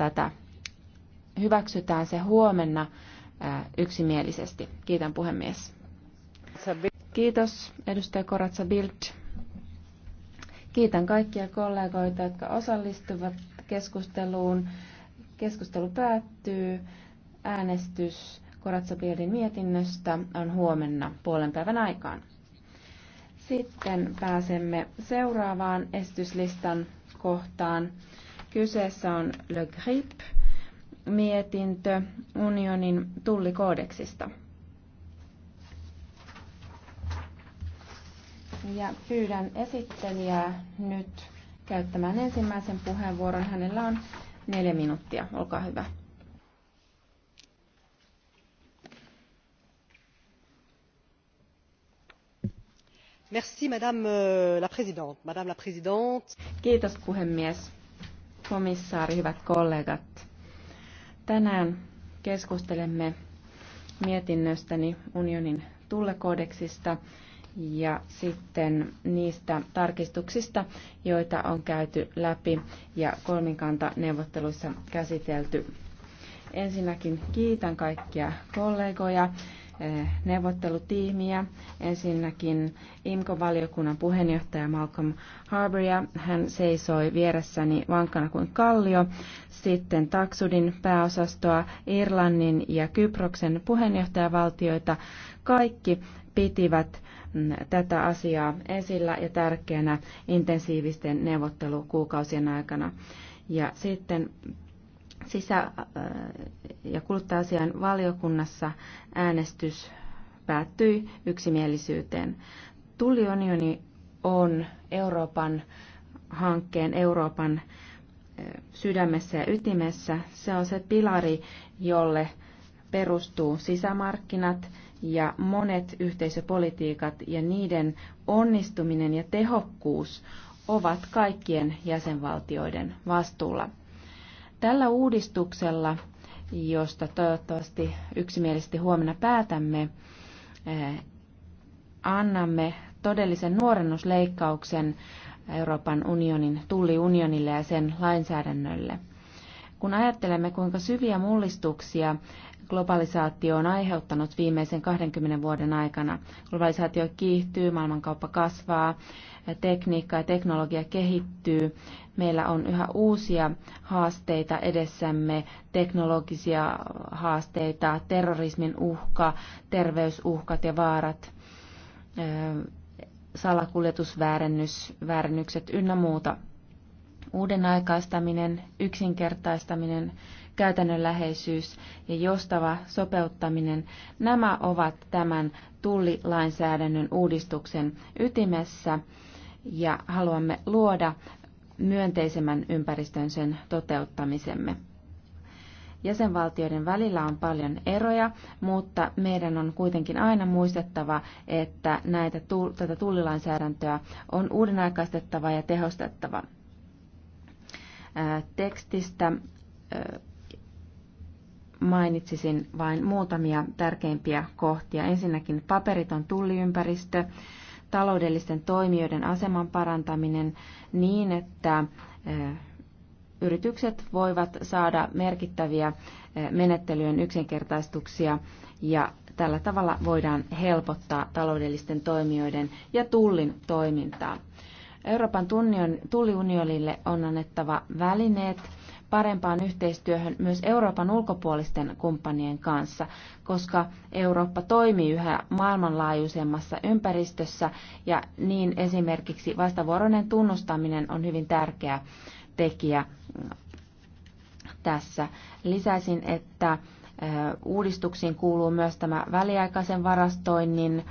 tätä. Hyväksytään se huomenna yksimielisesti. Kiitän puhemies. Kiitos edustaja Koratsa Bild. Kiitän kaikkia kollegoita, jotka osallistuvat keskusteluun. Keskustelu päättyy. Äänestys Koratsa Bildin mietinnöstä on huomenna puolen päivän aikaan. Sitten pääsemme seuraavaan estyslistan kohtaan. Kyseessä on Le Grip mietintö unionin tullikoodeksista. Ja pyydän esittelijää nyt käyttämään ensimmäisen puheenvuoron. Hänellä on neljä minuuttia. Olkaa hyvä. Merci, madame euh, la présidente. Madame la présidente. Kiitos puhemies komissaari, hyvät kollegat. Tänään keskustelemme mietinnöstäni unionin tullekodeksista ja sitten niistä tarkistuksista, joita on käyty läpi ja kolminkanta neuvotteluissa käsitelty. Ensinnäkin kiitän kaikkia kollegoja Eh, neuvottelutiimiä. Ensinnäkin imco valiokunnan puheenjohtaja Malcolm Harbouria. Hän seisoi vieressäni vankana kuin kallio. Sitten Taksudin pääosastoa, Irlannin ja Kyproksen puheenjohtajavaltioita. Kaikki pitivät mm, tätä asiaa esillä ja tärkeänä intensiivisten neuvottelukuukausien aikana. Ja sitten sisä- ja kuluttaja-asian valiokunnassa äänestys päättyi yksimielisyyteen. Tulliunioni on Euroopan hankkeen Euroopan sydämessä ja ytimessä. Se on se pilari, jolle perustuu sisämarkkinat ja monet yhteisöpolitiikat ja niiden onnistuminen ja tehokkuus ovat kaikkien jäsenvaltioiden vastuulla. Tällä uudistuksella, josta toivottavasti yksimielisesti huomenna päätämme, eh, annamme todellisen nuorennusleikkauksen Euroopan unionin tulliunionille ja sen lainsäädännölle. Kun ajattelemme, kuinka syviä mullistuksia globalisaatio on aiheuttanut viimeisen 20 vuoden aikana. Globalisaatio kiihtyy, maailmankauppa kasvaa, tekniikka ja teknologia kehittyy. Meillä on yhä uusia haasteita edessämme, teknologisia haasteita, terrorismin uhka, terveysuhkat ja vaarat, salakuljetusväärennykset ynnä muuta. Uuden aikaistaminen, yksinkertaistaminen, käytännönläheisyys ja joustava sopeuttaminen, nämä ovat tämän tullilainsäädännön uudistuksen ytimessä ja haluamme luoda myönteisemmän ympäristön sen toteuttamisemme. Jäsenvaltioiden välillä on paljon eroja, mutta meidän on kuitenkin aina muistettava, että näitä, tätä tullilainsäädäntöä on uudenaikaistettava ja tehostettava. Tekstistä mainitsisin vain muutamia tärkeimpiä kohtia. Ensinnäkin paperiton tulliympäristö, taloudellisten toimijoiden aseman parantaminen niin, että yritykset voivat saada merkittäviä menettelyjen yksinkertaistuksia ja tällä tavalla voidaan helpottaa taloudellisten toimijoiden ja tullin toimintaa. Euroopan tulliunionille on annettava välineet parempaan yhteistyöhön myös Euroopan ulkopuolisten kumppanien kanssa, koska Eurooppa toimii yhä maailmanlaajuisemmassa ympäristössä ja niin esimerkiksi vastavuoroinen tunnustaminen on hyvin tärkeä tekijä mm, tässä. Lisäisin, että uudistuksiin kuuluu myös tämä väliaikaisen varastoinnin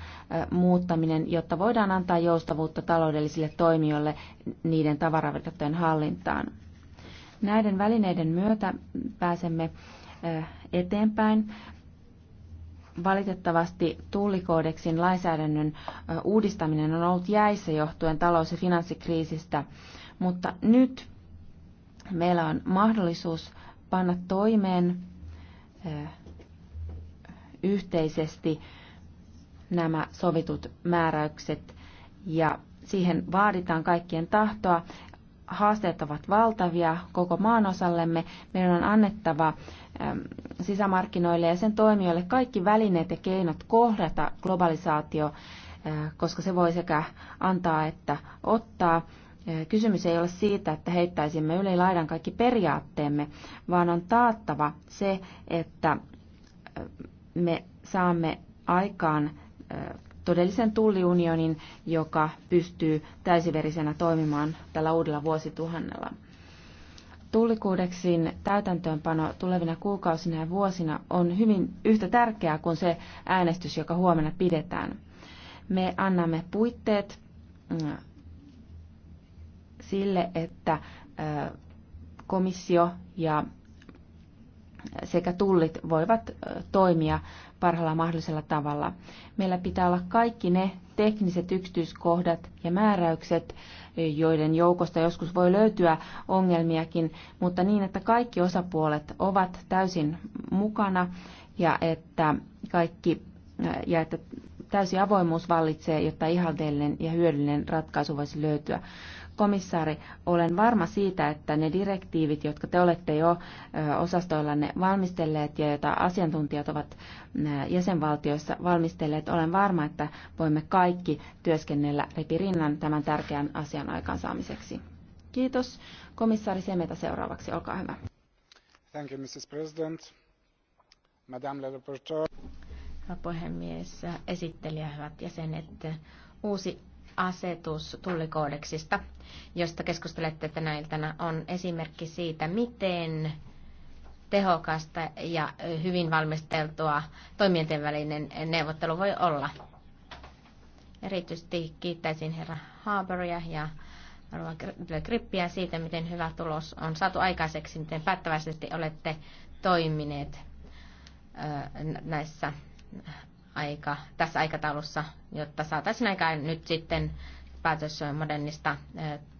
muuttaminen, jotta voidaan antaa joustavuutta taloudellisille toimijoille niiden tavaravirtojen hallintaan. Näiden välineiden myötä pääsemme eteenpäin. Valitettavasti tullikoodeksin lainsäädännön uudistaminen on ollut jäissä johtuen talous- ja finanssikriisistä, mutta nyt meillä on mahdollisuus panna toimeen yhteisesti nämä sovitut määräykset ja siihen vaaditaan kaikkien tahtoa haasteet ovat valtavia koko osallemme. Meidän on annettava sisämarkkinoille ja sen toimijoille kaikki välineet ja keinot kohdata globalisaatio, koska se voi sekä antaa että ottaa. Kysymys ei ole siitä, että heittäisimme yli laidan kaikki periaatteemme, vaan on taattava se, että me saamme aikaan todellisen tulliunionin, joka pystyy täysiverisenä toimimaan tällä uudella vuosituhannella. Tullikuudeksin täytäntöönpano tulevina kuukausina ja vuosina on hyvin yhtä tärkeää kuin se äänestys, joka huomenna pidetään. Me annamme puitteet mm, sille, että komissio ja sekä tullit voivat toimia parhaalla mahdollisella tavalla. Meillä pitää olla kaikki ne tekniset yksityiskohdat ja määräykset, joiden joukosta joskus voi löytyä ongelmiakin, mutta niin, että kaikki osapuolet ovat täysin mukana ja että kaikki ja että täysi avoimuus vallitsee, jotta ihanteellinen ja hyödyllinen ratkaisu voisi löytyä komissaari, olen varma siitä, että ne direktiivit, jotka te olette jo osastoillanne valmistelleet ja joita asiantuntijat ovat jäsenvaltioissa valmistelleet, olen varma, että voimme kaikki työskennellä ripirinnan tämän tärkeän asian aikaansaamiseksi. Kiitos. Komissaari Semeta seuraavaksi, olkaa hyvä. Thank you, Mrs. President. Madame la puhemies, esittelijä, hyvät jäsenet. Uusi asetus tullikoodeksista, josta keskustelette tänä iltana, on esimerkki siitä, miten tehokasta ja hyvin valmisteltua toimijoiden välinen neuvottelu voi olla. Erityisesti kiittäisin herra Haberia ja Rova Grippiä siitä, miten hyvä tulos on saatu aikaiseksi, miten päättäväisesti olette toimineet näissä aika, tässä aikataulussa, jotta saataisiin aikaan nyt sitten päätös modernista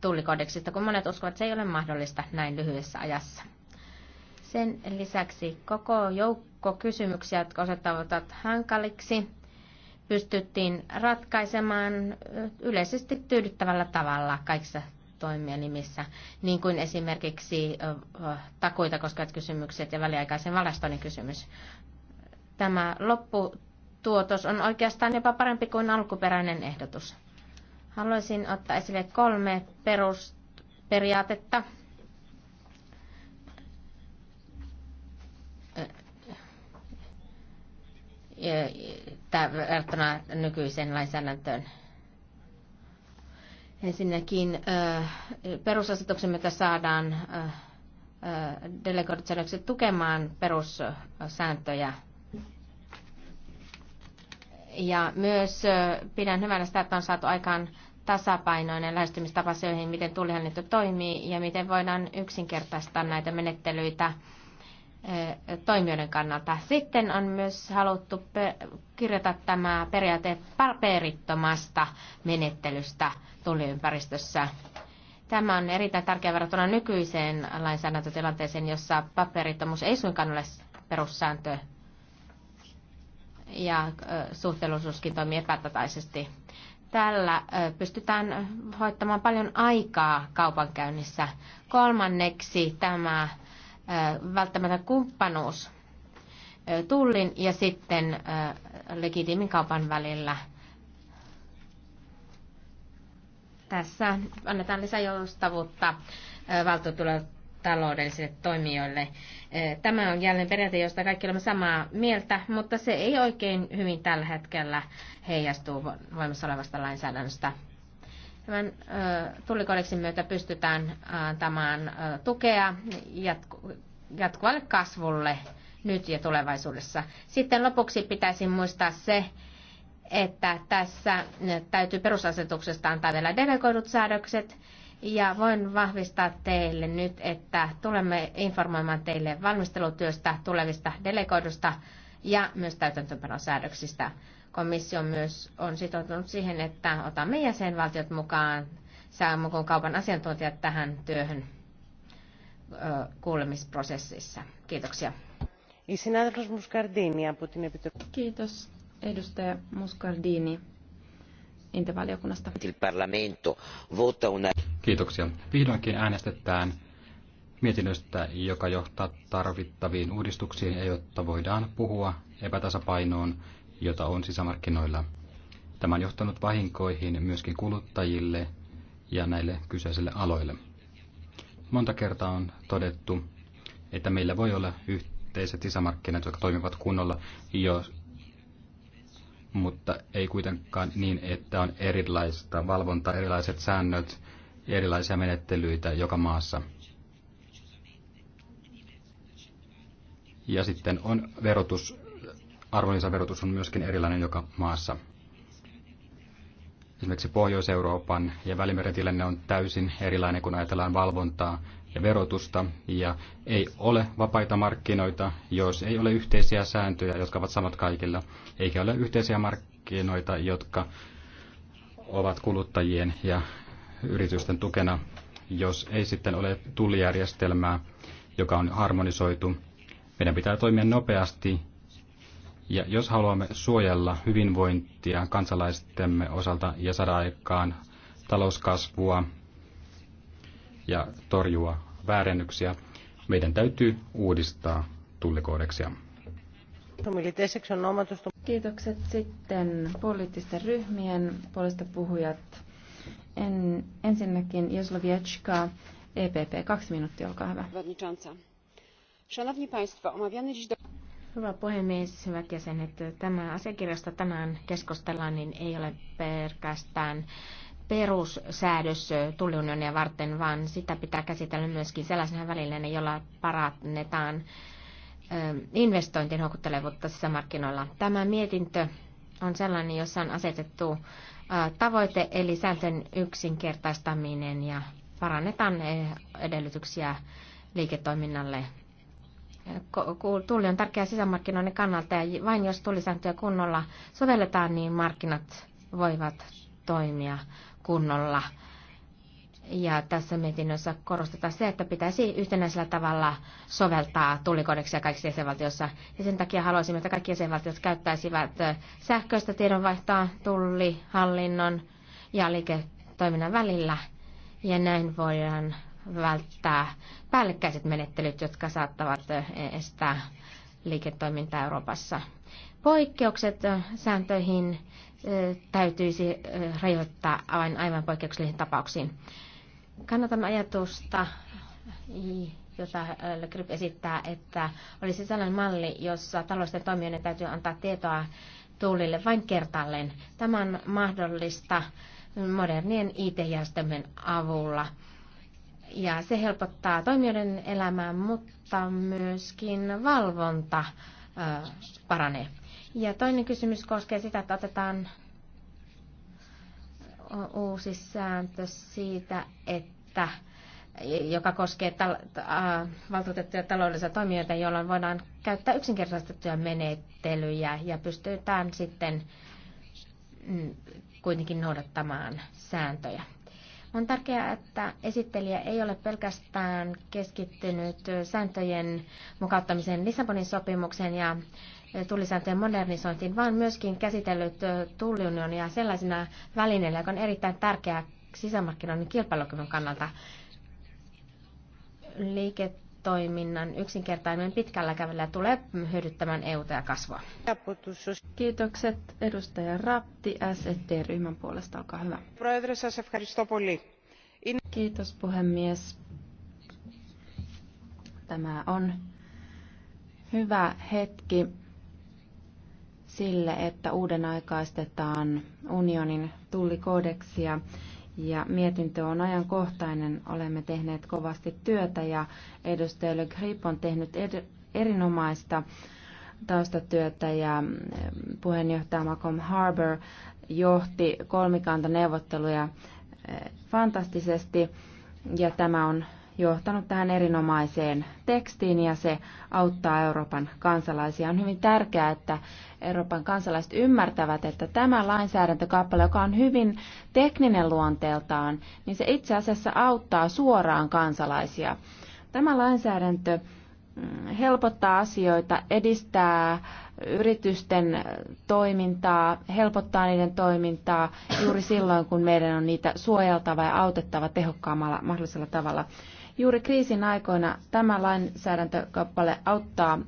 tullikodeksista, kun monet uskovat, että se ei ole mahdollista näin lyhyessä ajassa. Sen lisäksi koko joukko kysymyksiä, jotka osoittavat hankaliksi, pystyttiin ratkaisemaan yleisesti tyydyttävällä tavalla kaikissa toimielimissä, niin kuin esimerkiksi takuita koskevat kysymykset ja väliaikaisen valastoinnin kysymys. Tämä loppu tuotos on oikeastaan jopa parempi kuin alkuperäinen ehdotus. Haluaisin ottaa esille kolme perusperiaatetta. Tämä verrattuna nykyiseen lainsäädäntöön. Ensinnäkin perusasetuksemme saadaan delegoidut säädökset tukemaan perussääntöjä – ja myös pidän hyvänä sitä, että on saatu aikaan tasapainoinen lähestymistapa siihen, miten tulihallinto toimii ja miten voidaan yksinkertaistaa näitä menettelyitä toimijoiden kannalta. Sitten on myös haluttu kirjata tämä periaate paperittomasta menettelystä tulliympäristössä. Tämä on erittäin tärkeä verrattuna nykyiseen lainsäädäntötilanteeseen, jossa paperittomuus ei suinkaan ole perussääntö ja suhteellisuuskin toimii epätataisesti. Tällä pystytään hoittamaan paljon aikaa kaupankäynnissä. Kolmanneksi tämä välttämätön kumppanuus tullin ja sitten legitiimin kaupan välillä. Tässä annetaan lisäjoustavuutta valtuutulle taloudellisille toimijoille. Eh, tämä on jälleen periaate, josta kaikki olemme samaa mieltä, mutta se ei oikein hyvin tällä hetkellä heijastu voimassa olevasta lainsäädännöstä. Tämän eh, tullikodeksin myötä pystytään antamaan eh, tukea jatku- jatkuvalle kasvulle nyt ja tulevaisuudessa. Sitten lopuksi pitäisi muistaa se, että tässä täytyy perusasetuksesta antaa vielä delegoidut säädökset, ja voin vahvistaa teille nyt, että tulemme informoimaan teille valmistelutyöstä, tulevista delegoidusta ja myös täytäntöönpanosäädöksistä. Komissio myös on sitoutunut siihen, että otamme jäsenvaltiot mukaan saamukon kaupan asiantuntijat tähän työhön kuulemisprosessissa. Kiitoksia. Kiitos edustaja Muscardini Intervaliokunnasta. Il Parlamento vota una... Kiitoksia. Vihdoinkin äänestetään mietinnöstä, joka johtaa tarvittaviin uudistuksiin jotta voidaan puhua epätasapainoon, jota on sisämarkkinoilla. Tämä on johtanut vahinkoihin myöskin kuluttajille ja näille kyseisille aloille. Monta kertaa on todettu, että meillä voi olla yhteiset sisämarkkinat, jotka toimivat kunnolla, jo, mutta ei kuitenkaan niin, että on erilaista valvontaa, erilaiset säännöt ja erilaisia menettelyitä joka maassa. Ja sitten on verotus, arvonlisäverotus on myöskin erilainen joka maassa. Esimerkiksi Pohjois-Euroopan ja Välimeren tilanne on täysin erilainen, kun ajatellaan valvontaa ja verotusta, ja ei ole vapaita markkinoita, jos ei ole yhteisiä sääntöjä, jotka ovat samat kaikilla, eikä ole yhteisiä markkinoita, jotka ovat kuluttajien ja yritysten tukena, jos ei sitten ole tullijärjestelmää, joka on harmonisoitu. Meidän pitää toimia nopeasti ja jos haluamme suojella hyvinvointia kansalaistemme osalta ja saada aikaan talouskasvua ja torjua väärennyksiä, meidän täytyy uudistaa tullikoodeksia. Kiitokset sitten poliittisten ryhmien puolesta puhujat. En, ensinnäkin Jozlowieczka, EPP. Kaksi minuuttia, olkaa hyvä. Szanowni Państwo, Hyvä puhemies, hyvät jäsenet. Tämä asiakirjasta tänään keskustellaan, niin ei ole pelkästään perussäädös tulliunionia varten, vaan sitä pitää käsitellä myöskin sellaisena välineenä, jolla parannetaan ähm, investointien houkuttelevuutta sisämarkkinoilla. Tämä mietintö on sellainen, jossa on asetettu tavoite, eli sääntöjen yksinkertaistaminen ja parannetaan edellytyksiä liiketoiminnalle. Tulli on tärkeä sisämarkkinoiden kannalta ja vain jos tullisääntöjä kunnolla sovelletaan, niin markkinat voivat toimia kunnolla. Ja tässä mietinnössä korostetaan se, että pitäisi yhtenäisellä tavalla soveltaa tulikodeksia kaikissa jäsenvaltioissa. Ja sen takia haluaisimme, että kaikki jäsenvaltiot käyttäisivät sähköistä tiedonvaihtoa tullihallinnon ja liiketoiminnan välillä. Ja näin voidaan välttää päällekkäiset menettelyt, jotka saattavat estää liiketoimintaa Euroopassa. Poikkeukset sääntöihin eh, täytyisi eh, rajoittaa aivan, aivan poikkeuksellisiin tapauksiin. Kannatan ajatusta, jota Le Grip esittää, että olisi sellainen malli, jossa talousten toimijoiden täytyy antaa tietoa tuulille vain kertalleen. Tämä on mahdollista modernien IT-järjestelmien avulla. Ja se helpottaa toimijoiden elämää, mutta myöskin valvonta paranee. Ja toinen kysymys koskee sitä, että otetaan uusi sääntö siitä, että joka koskee tal- ta- äh, valtuutettuja taloudellisia toimijoita, jolloin voidaan käyttää yksinkertaistettuja menettelyjä ja pystytään sitten mm, kuitenkin noudattamaan sääntöjä. On tärkeää, että esittelijä ei ole pelkästään keskittynyt sääntöjen mukauttamiseen Lissabonin sopimukseen ja tullisääntöjen modernisointiin, vaan myöskin käsitellyt tulliunionia sellaisena välineenä, joka on erittäin tärkeää sisämarkkinoiden kilpailukyvyn kannalta. Liiketoiminnan yksinkertainen pitkällä kävellä tulee hyödyttämään EUta ja kasvua. Kiitokset edustaja Rapti SD-ryhmän puolesta, olkaa hyvä. Kiitos puhemies. Tämä on hyvä hetki sille, että uuden aikaistetaan unionin tullikodeksia ja mietintö on ajankohtainen. Olemme tehneet kovasti työtä ja edustaja Le Grip on tehnyt ed- erinomaista taustatyötä ja mm, puheenjohtaja Macom Harbour johti kolmikantaneuvotteluja eh, fantastisesti ja tämä on johtanut tähän erinomaiseen tekstiin ja se auttaa Euroopan kansalaisia. On hyvin tärkeää, että Euroopan kansalaiset ymmärtävät, että tämä lainsäädäntökappale, joka on hyvin tekninen luonteeltaan, niin se itse asiassa auttaa suoraan kansalaisia. Tämä lainsäädäntö mm, helpottaa asioita, edistää yritysten toimintaa, helpottaa niiden toimintaa juuri silloin, kun meidän on niitä suojeltava ja autettava tehokkaammalla mahdollisella tavalla. Juuri kriisin aikoina tämä lainsäädäntökappale auttaa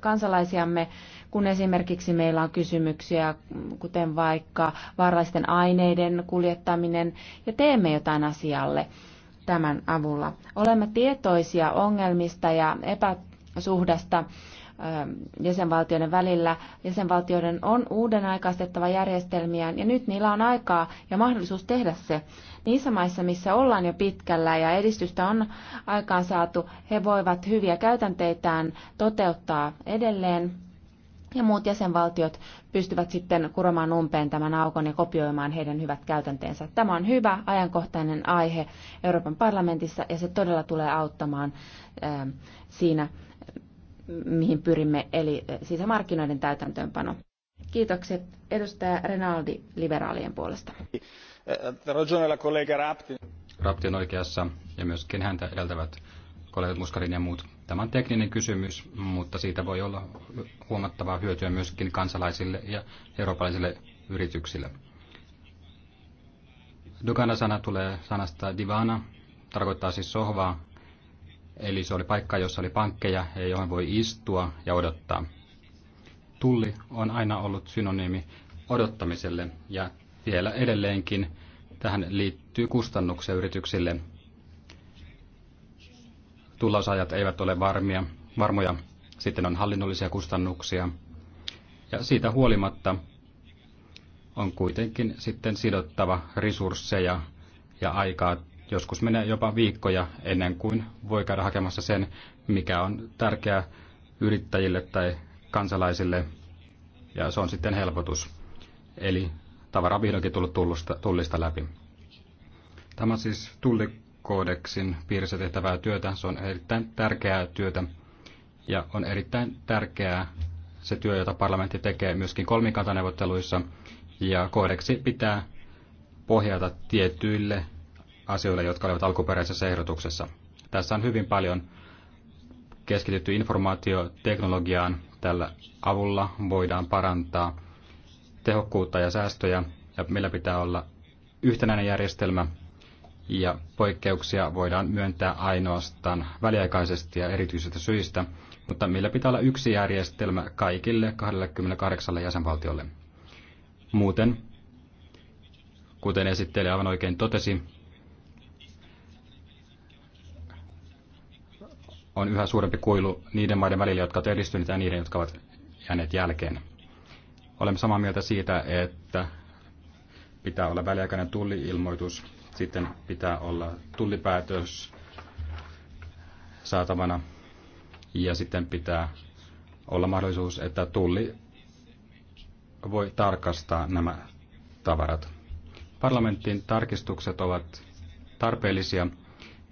kansalaisiamme, kun esimerkiksi meillä on kysymyksiä, kuten vaikka vaarallisten aineiden kuljettaminen, ja teemme jotain asialle tämän avulla. Olemme tietoisia ongelmista ja epäsuhdasta Ähm, jäsenvaltioiden välillä. Jäsenvaltioiden on uuden aikaistettava järjestelmiään ja nyt niillä on aikaa ja mahdollisuus tehdä se. Niissä maissa, missä ollaan jo pitkällä ja edistystä on aikaan saatu, he voivat hyviä käytänteitään toteuttaa edelleen ja muut jäsenvaltiot pystyvät sitten kuromaan umpeen tämän aukon ja kopioimaan heidän hyvät käytänteensä. Tämä on hyvä ajankohtainen aihe Euroopan parlamentissa ja se todella tulee auttamaan ähm, siinä mihin pyrimme, eli eh, sisämarkkinoiden täytäntöönpano. Kiitokset edustaja Renaldi liberaalien puolesta. Eh, Rapti on oikeassa ja myöskin häntä edeltävät kollegat Muskarin ja muut. Tämä on tekninen kysymys, mutta siitä voi olla huomattavaa hyötyä myöskin kansalaisille ja eurooppalaisille yrityksille. dugana sana tulee sanasta divana, tarkoittaa siis sohvaa, Eli se oli paikka, jossa oli pankkeja, johon voi istua ja odottaa. Tulli on aina ollut synonyymi odottamiselle ja vielä edelleenkin tähän liittyy kustannuksia yrityksille. Tullausajat eivät ole varmia, varmoja, sitten on hallinnollisia kustannuksia. Ja siitä huolimatta on kuitenkin sitten sidottava resursseja ja aikaa Joskus menee jopa viikkoja ennen kuin voi käydä hakemassa sen, mikä on tärkeää yrittäjille tai kansalaisille, ja se on sitten helpotus. Eli tavara on vihdoinkin tullut tullusta, tullista läpi. Tämä on siis tullikoodeksin piirissä tehtävää työtä. Se on erittäin tärkeää työtä ja on erittäin tärkeää se työ, jota parlamentti tekee myöskin kolmikantaneuvotteluissa. Ja koodeksi pitää pohjata tietyille asioille, jotka olivat alkuperäisessä ehdotuksessa. Tässä on hyvin paljon keskitytty informaatioteknologiaan. Tällä avulla voidaan parantaa tehokkuutta ja säästöjä, ja meillä pitää olla yhtenäinen järjestelmä, ja poikkeuksia voidaan myöntää ainoastaan väliaikaisesti ja erityisistä syistä, mutta meillä pitää olla yksi järjestelmä kaikille 28 jäsenvaltiolle. Muuten, kuten esittelijä aivan oikein totesi, on yhä suurempi kuilu niiden maiden välillä, jotka ovat edistyneet ja niiden, jotka ovat jääneet jälkeen. Olemme samaa mieltä siitä, että pitää olla väliaikainen tulliilmoitus, sitten pitää olla tullipäätös saatavana ja sitten pitää olla mahdollisuus, että tulli voi tarkastaa nämä tavarat. Parlamentin tarkistukset ovat tarpeellisia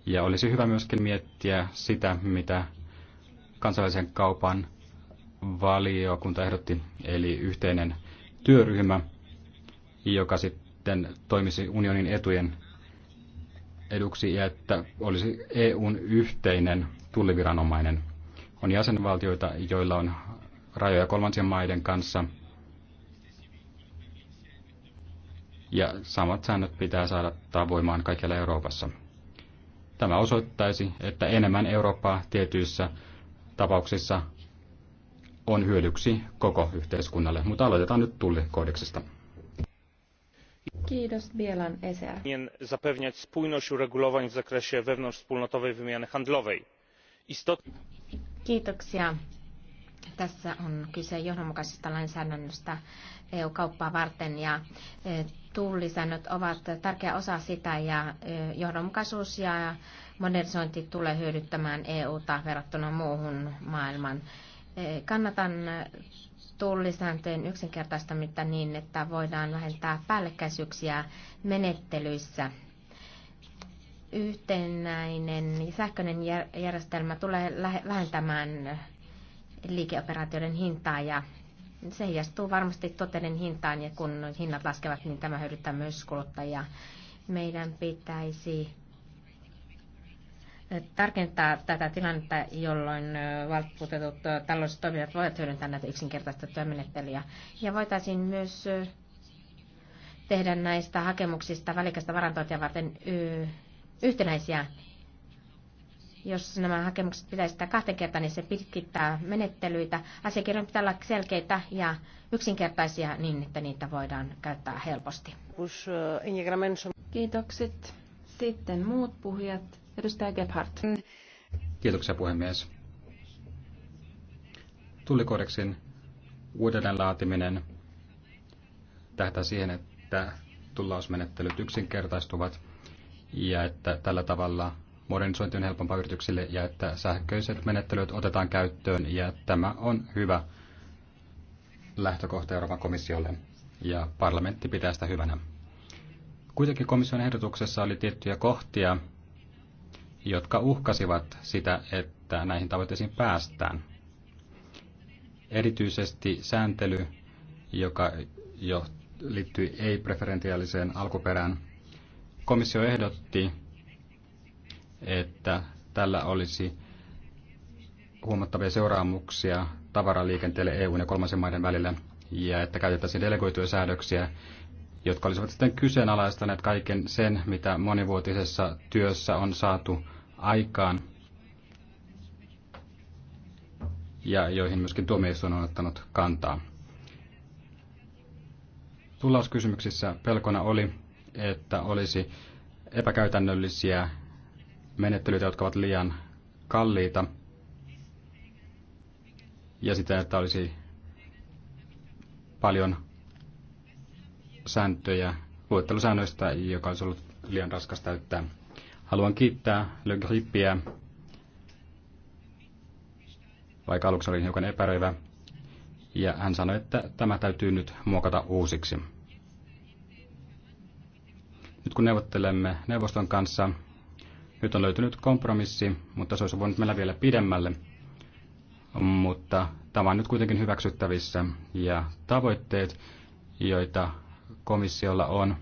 ja olisi hyvä myöskin miettiä sitä, mitä kansallisen kaupan valiokunta ehdotti, eli yhteinen työryhmä, joka sitten toimisi unionin etujen eduksi ja että olisi EUn yhteinen tulliviranomainen. On jäsenvaltioita, joilla on rajoja kolmansien maiden kanssa. Ja samat säännöt pitää saada voimaan kaikkialla Euroopassa. Tämä osoittaisi, että enemmän Eurooppaa tietyissä tapauksissa on hyödyksi koko yhteiskunnalle. Mutta aloitetaan nyt tullikoodeksista. Kiitos Bielan Niin zapewniać spójność uregulowań w zakresie wewnątrzwspólnotowej wymiany handlowej. Istot... Kiitoksia. Tässä on kyse johdonmukaisesta lainsäädännöstä EU-kauppaa varten ja e, tullisäännöt ovat tärkeä osa sitä ja johdonmukaisuus ja modernisointi tulee hyödyttämään EUta verrattuna muuhun maailman. Kannatan tullisääntöjen yksinkertaistamista niin, että voidaan vähentää päällekkäisyyksiä menettelyissä. Yhtenäinen sähköinen järjestelmä tulee vähentämään liikeoperaatioiden hintaa ja se heijastuu varmasti tuotteiden hintaan ja kun hinnat laskevat, niin tämä hyödyttää myös kuluttajia. Meidän pitäisi eh, tarkentaa tätä tilannetta, jolloin eh, valtuutetut eh, taloudelliset toimijat voivat hyödyntää näitä yksinkertaista menettelyjä. Ja voitaisiin myös tehdä näistä hakemuksista välikästä varantointia varten yhtenäisiä jos nämä hakemukset pitäisi sitä kahteen kertaan, niin se pitkittää menettelyitä. Asiakirjojen pitää olla selkeitä ja yksinkertaisia niin, että niitä voidaan käyttää helposti. Eh, Kiitokset. Sitten muut puhujat. Edustaja Gebhardt. Kiitoksia puhemies. Tullikodeksin uudelleen laatiminen tähtää siihen, että tullausmenettelyt yksinkertaistuvat ja että tällä tavalla modernisointi on helpompaa yrityksille ja että sähköiset menettelyt otetaan käyttöön ja tämä on hyvä lähtökohta Euroopan komissiolle ja parlamentti pitää sitä hyvänä. Kuitenkin komission ehdotuksessa oli tiettyjä kohtia, jotka uhkasivat sitä, että näihin tavoitteisiin päästään. Erityisesti sääntely, joka jo liittyy ei-preferentiaaliseen alkuperään. Komissio ehdotti että tällä olisi huomattavia seuraamuksia tavaraliikenteelle EUn ja kolmansien maiden välillä ja että käytettäisiin delegoituja säädöksiä, jotka olisivat sitten kyseenalaistaneet kaiken sen, mitä monivuotisessa työssä on saatu aikaan ja joihin myöskin tuomioistuin on ottanut kantaa. Tullauskysymyksissä pelkona oli, että olisi epäkäytännöllisiä menettelyitä, jotka ovat liian kalliita, ja sitä, että olisi paljon sääntöjä, luettelusäännöistä, joka olisi ollut liian raskas täyttää. Haluan kiittää Le Grippiä, vaikka aluksi oli hiukan epäröivä, ja hän sanoi, että tämä täytyy nyt muokata uusiksi. Nyt kun neuvottelemme neuvoston kanssa, nyt on löytynyt kompromissi, mutta se olisi voinut mennä vielä pidemmälle. Mutta tämä on nyt kuitenkin hyväksyttävissä ja tavoitteet, joita komissiolla on,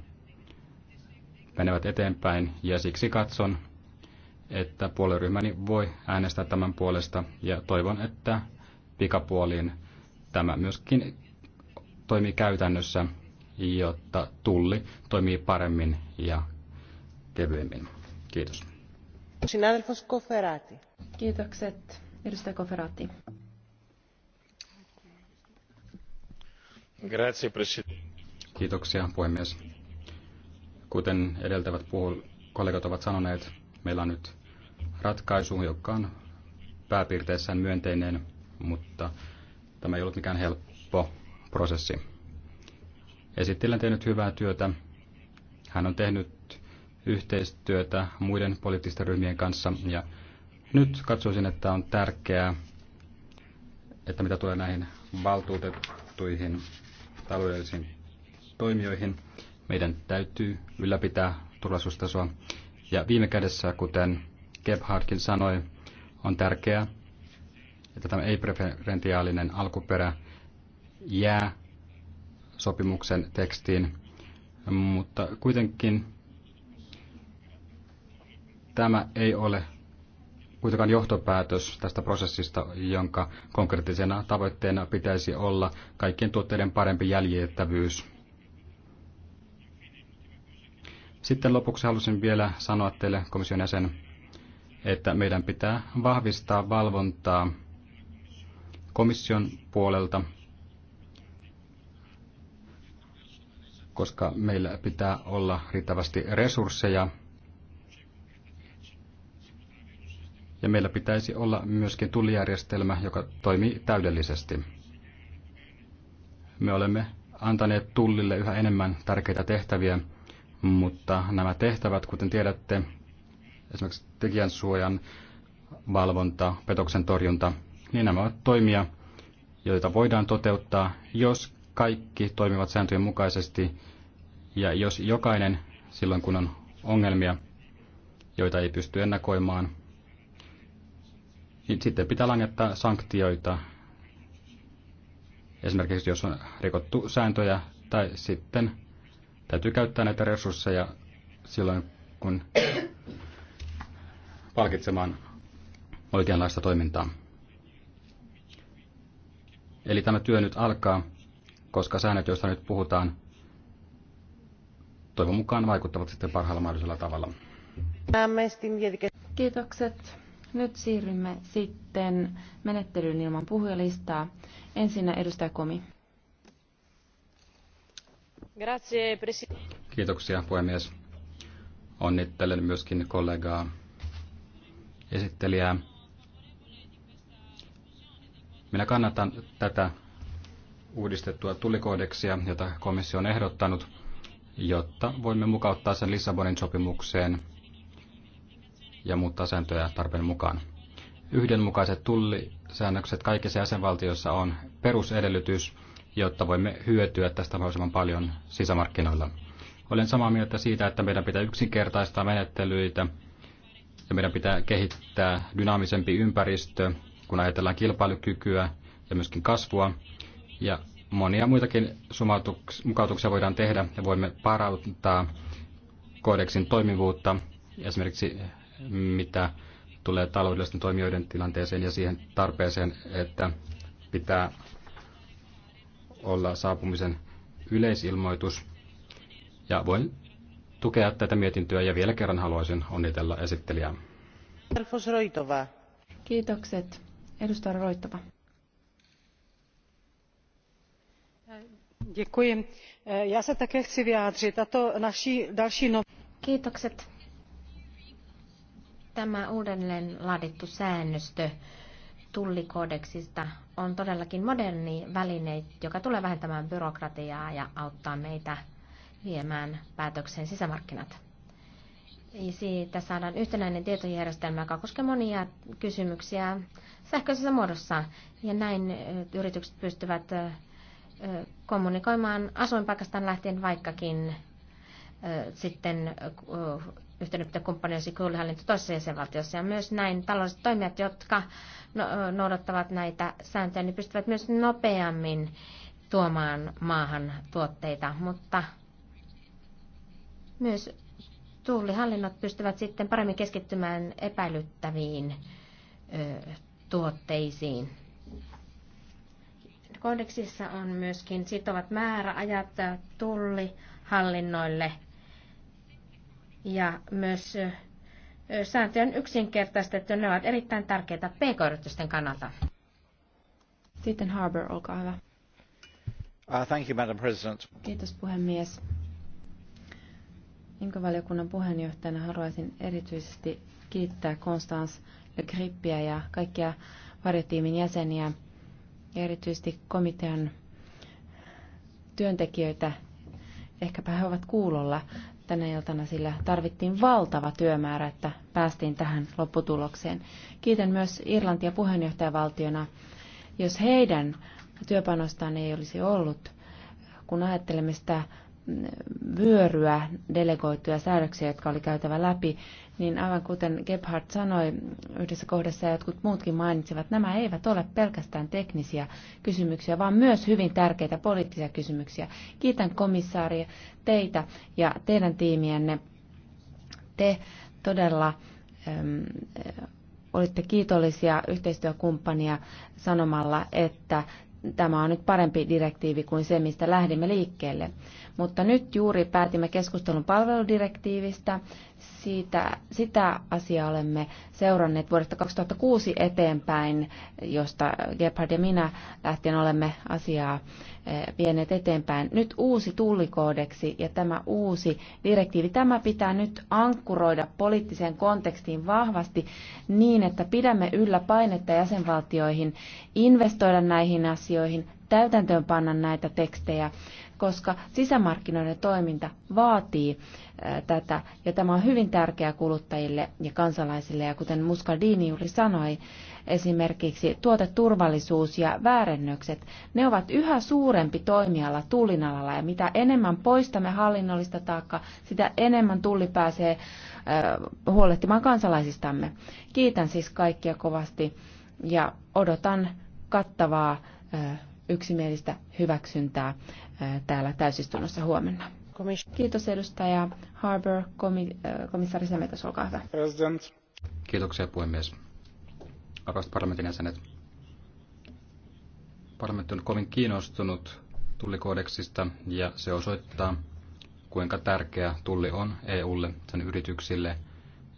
menevät eteenpäin ja siksi katson, että puolueryhmäni voi äänestää tämän puolesta ja toivon, että pikapuoliin tämä myöskin toimii käytännössä, jotta tulli toimii paremmin ja kevyemmin. Kiitos. Kiitokset. Edustaja Koferaati. Kiitoksia puhemies. Kuten edeltävät puhul- kollegat ovat sanoneet, meillä on nyt ratkaisu, joka on pääpiirteissään myönteinen, mutta tämä ei ollut mikään helppo prosessi. on tehnyt hyvää työtä. Hän on tehnyt yhteistyötä muiden poliittisten ryhmien kanssa. Ja nyt katsoisin, että on tärkeää, että mitä tulee näihin valtuutettuihin taloudellisiin toimijoihin, meidän täytyy ylläpitää turvallisuustasoa. Ja viime kädessä, kuten Gebhardkin sanoi, on tärkeää, että tämä ei-preferentiaalinen alkuperä jää sopimuksen tekstiin, mutta kuitenkin Tämä ei ole kuitenkaan johtopäätös tästä prosessista, jonka konkreettisena tavoitteena pitäisi olla kaikkien tuotteiden parempi jäljitettävyys. Sitten lopuksi halusin vielä sanoa teille komission jäsen, että meidän pitää vahvistaa valvontaa komission puolelta, koska meillä pitää olla riittävästi resursseja ja meillä pitäisi olla myöskin tullijärjestelmä, joka toimii täydellisesti. Me olemme antaneet tullille yhä enemmän tärkeitä tehtäviä, mutta nämä tehtävät, kuten tiedätte, esimerkiksi tekijänsuojan valvonta, petoksen torjunta, niin nämä ovat toimia, joita voidaan toteuttaa, jos kaikki toimivat sääntöjen mukaisesti ja jos jokainen silloin kun on ongelmia, joita ei pysty ennakoimaan, niin sitten pitää langettaa sanktioita, esimerkiksi jos on rikottu sääntöjä, tai sitten täytyy käyttää näitä resursseja silloin, kun palkitsemaan oikeanlaista toimintaa. Eli tämä työ nyt alkaa, koska säännöt, joista nyt puhutaan, toivon mukaan vaikuttavat sitten parhaalla mahdollisella tavalla. Kiitokset. Nyt siirrymme sitten menettelyyn ilman puhujalistaa. Ensinnä edustaja Komi. Kiitoksia puhemies. Onnittelen myöskin kollegaa esittelijää. Minä kannatan tätä uudistettua tulikoodeksia, jota komissio on ehdottanut, jotta voimme mukauttaa sen Lissabonin sopimukseen – ja muuttaa sääntöjä tarpeen mukaan. Yhdenmukaiset tullisäännökset kaikissa jäsenvaltioissa on perusedellytys, jotta voimme hyötyä tästä mahdollisimman paljon sisämarkkinoilla. Olen samaa mieltä siitä, että meidän pitää yksinkertaistaa menettelyitä ja meidän pitää kehittää dynaamisempi ympäristö, kun ajatellaan kilpailukykyä ja myöskin kasvua. Ja monia muitakin mukautuksia voidaan tehdä ja voimme parantaa koodeksin toimivuutta. Esimerkiksi mitä tulee taloudellisten toimijoiden tilanteeseen ja siihen tarpeeseen, että pitää olla saapumisen yleisilmoitus. Ja voin tukea tätä mietintöä ja vielä kerran haluaisin onnitella esittelijää. Kiitokset. Edustaja Roittava. Děkuji. Já se také chci vyjádřit. Tato naší další Kiitokset. Tämä uudelleen laadittu säännöstö tullikodeksista on todellakin moderni väline, joka tulee vähentämään byrokratiaa ja auttaa meitä viemään päätökseen sisämarkkinat. Siitä saadaan yhtenäinen tietojärjestelmä, joka koskee monia kysymyksiä sähköisessä muodossa. Ja näin yritykset pystyvät kommunikoimaan asuinpaikastaan lähtien, vaikkakin sitten yhteydenpitokumppaneisi kouluhallinto toisessa jäsenvaltiossa. Ja myös näin taloudelliset toimijat, jotka no-, noudattavat näitä sääntöjä, niin pystyvät myös nopeammin tuomaan maahan tuotteita, mutta myös tullihallinnot pystyvät sitten paremmin keskittymään epäilyttäviin ö, tuotteisiin. Kodeksissa on myöskin sitovat määräajat tullihallinnoille – ja myös sääntöjen on yksinkertaistettu. Ne ovat erittäin tärkeitä pk-yritysten kannalta. Sitten Harbour, olkaa hyvä. Uh, thank you, Madam President. Kiitos puhemies. Inkovaliokunnan puheenjohtajana haluaisin erityisesti kiittää Konstans Le Grippiä ja kaikkia varjotiimin jäseniä ja erityisesti komitean työntekijöitä. Ehkäpä he ovat kuulolla tänä iltana, sillä tarvittiin valtava työmäärä, että päästiin tähän lopputulokseen. Kiitän myös Irlantia puheenjohtajavaltiona. Jos heidän työpanostaan ei olisi ollut, kun ajattelemme sitä mm, vyöryä delegoituja säädöksiä, jotka oli käytävä läpi, niin aivan kuten Gebhardt sanoi yhdessä kohdassa ja jotkut muutkin mainitsivat, nämä eivät ole pelkästään teknisiä kysymyksiä, vaan myös hyvin tärkeitä poliittisia kysymyksiä. Kiitän komissaari teitä ja teidän tiimienne. Te todella äm, olitte kiitollisia yhteistyökumppania sanomalla, että tämä on nyt parempi direktiivi kuin se, mistä lähdimme liikkeelle. Mutta nyt juuri päätimme keskustelun palveludirektiivistä. Siitä, sitä asiaa olemme seuranneet vuodesta 2006 eteenpäin, josta Gebhard ja minä lähtien olemme asiaa eh, vieneet eteenpäin. Nyt uusi tullikoodeksi ja tämä uusi direktiivi, tämä pitää nyt ankkuroida poliittiseen kontekstiin vahvasti niin, että pidämme yllä painetta jäsenvaltioihin investoida näihin asioihin, täytäntöön panna näitä tekstejä, koska sisämarkkinoiden toiminta vaatii äh, tätä, ja tämä on hyvin tärkeää kuluttajille ja kansalaisille, ja kuten Muscardini juuri sanoi, esimerkiksi tuoteturvallisuus ja väärennökset, ne ovat yhä suurempi toimiala tullinalalla, ja mitä enemmän poistamme hallinnollista taakkaa, sitä enemmän tulli pääsee äh, huolehtimaan kansalaisistamme. Kiitän siis kaikkia kovasti ja odotan kattavaa äh, yksimielistä hyväksyntää täällä täysistunnossa huomenna. Kiitos edustaja Harbour, komi- komissaari Semetas, olkaa hyvä. President. Kiitoksia puhemies. Arvoisat parlamentin jäsenet. Parlamentti on kovin kiinnostunut tullikoodeksista ja se osoittaa, kuinka tärkeä tulli on EUlle, sen yrityksille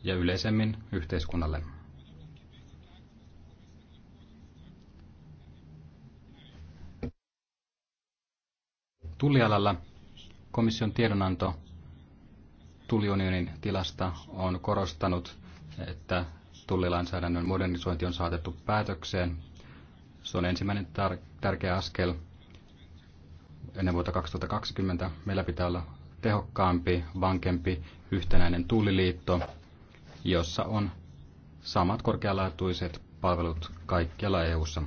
ja yleisemmin yhteiskunnalle. Tullialalla komission tiedonanto tulliunionin tilasta on korostanut, että tullilainsäädännön modernisointi on saatettu päätökseen. Se on ensimmäinen tar- tärkeä askel ennen vuotta 2020. Meillä pitää olla tehokkaampi, vankempi, yhtenäinen tulliliitto, jossa on samat korkealaatuiset palvelut kaikkialla EU:ssa.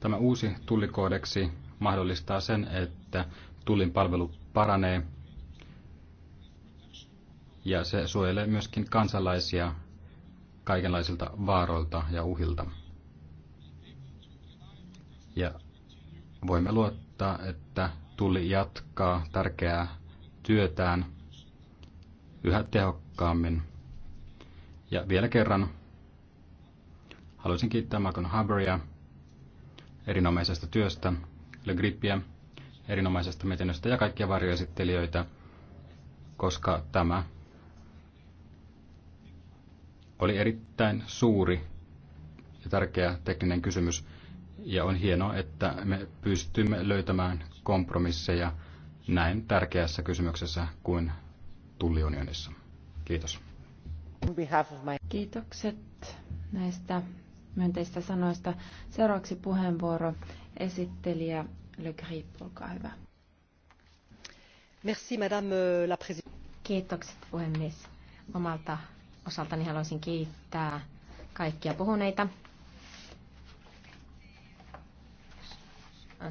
Tämä uusi tullikoodeksi mahdollistaa sen, että tullin palvelu paranee ja se suojelee myöskin kansalaisia kaikenlaisilta vaaroilta ja uhilta. Ja voimme luottaa, että tuli jatkaa tärkeää työtään yhä tehokkaammin. Ja vielä kerran haluaisin kiittää Malcolm Haberia erinomaisesta työstä Le Grippiä erinomaisesta mietinnöstä ja kaikkia varjoesittelijöitä, koska tämä oli erittäin suuri ja tärkeä tekninen kysymys. Ja on hienoa, että me pystymme löytämään kompromisseja näin tärkeässä kysymyksessä kuin tulliunionissa. Kiitos. Kiitokset näistä myönteistä sanoista. Seuraavaksi puheenvuoro esittelijä Le Grip, olkaa hyvä. Merci, madame la Kiitokset puhemies. Omalta osaltani haluaisin kiittää kaikkia puhuneita.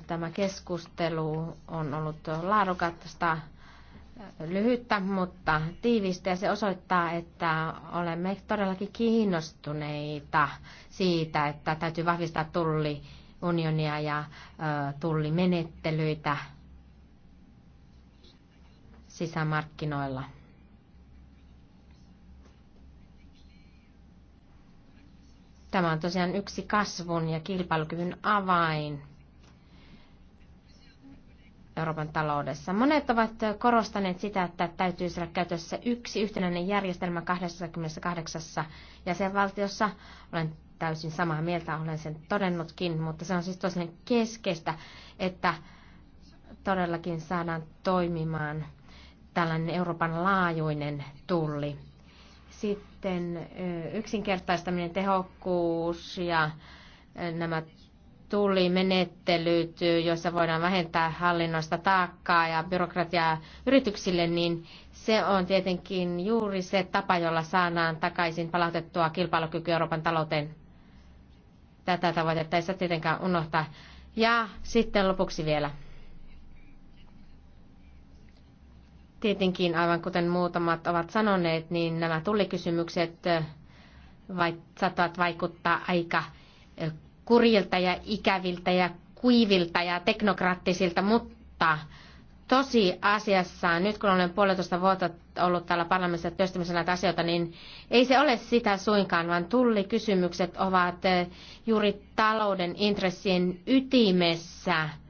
Tämä keskustelu on ollut laadukasta lyhyttä, mutta tiivistä ja se osoittaa, että olemme todellakin kiinnostuneita siitä, että täytyy vahvistaa tulliunionia ja tullimenettelyitä sisämarkkinoilla. Tämä on tosiaan yksi kasvun ja kilpailukyvyn avain Euroopan taloudessa. Monet ovat korostaneet sitä, että täytyisi olla käytössä yksi yhtenäinen järjestelmä 28 jäsenvaltiossa. Olen täysin samaa mieltä, olen sen todennutkin, mutta se on siis tosiaan keskeistä, että todellakin saadaan toimimaan tällainen Euroopan laajuinen tulli. Sitten yksinkertaistaminen, tehokkuus ja nämä tullimenettelyt, joissa voidaan vähentää hallinnosta taakkaa ja byrokratiaa yrityksille, niin se on tietenkin juuri se tapa, jolla saadaan takaisin palautettua kilpailukyky Euroopan talouteen. Tätä tavoitetta ei saa tietenkään unohtaa. Ja sitten lopuksi vielä. Tietenkin, aivan kuten muutamat ovat sanoneet, niin nämä tullikysymykset saattavat vaikuttaa aika kurilta ja ikäviltä ja kuivilta ja teknokraattisilta, mutta tosi asiassa, nyt kun olen puolitoista vuotta ollut täällä parlamentissa työstämässä näitä asioita, niin ei se ole sitä suinkaan, vaan tullikysymykset ovat eh, juuri talouden intressien ytimessä –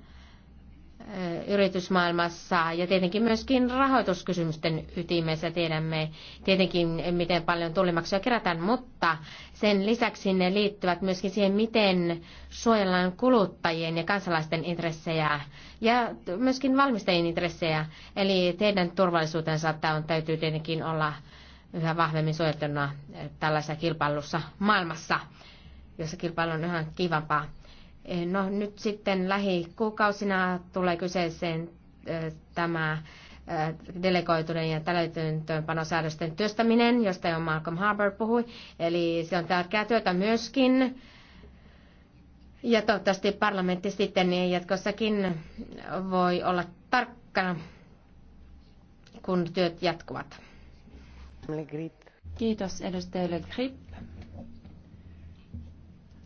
yritysmaailmassa ja tietenkin myöskin rahoituskysymysten ytimessä tiedämme tietenkin, miten paljon tullimaksuja kerätään, mutta sen lisäksi ne liittyvät myöskin siihen, miten suojellaan kuluttajien ja kansalaisten intressejä ja myöskin valmistajien intressejä. Eli teidän turvallisuutensa on, täytyy tietenkin olla yhä vahvemmin suojeltuna tällaisessa kilpailussa maailmassa, jossa kilpailu on yhä kivampaa. Eh, no nyt sitten lähikuukausina tulee kyseeseen eh, tämä eh, delegoituneen ja täytäntöönpanosäädösten työstäminen, josta jo Malcolm Harbour puhui. Eli se on tärkeää työtä myöskin. Ja toivottavasti parlamentti sitten jatkossakin voi olla tarkkana, kun työt jatkuvat. Kiitos edustajille Grip.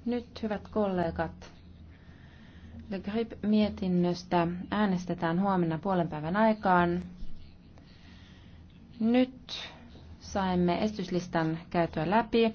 Nyt hyvät kollegat, The Grip-mietinnöstä äänestetään huomenna puolen päivän aikaan. Nyt saimme estyslistan käytyä läpi.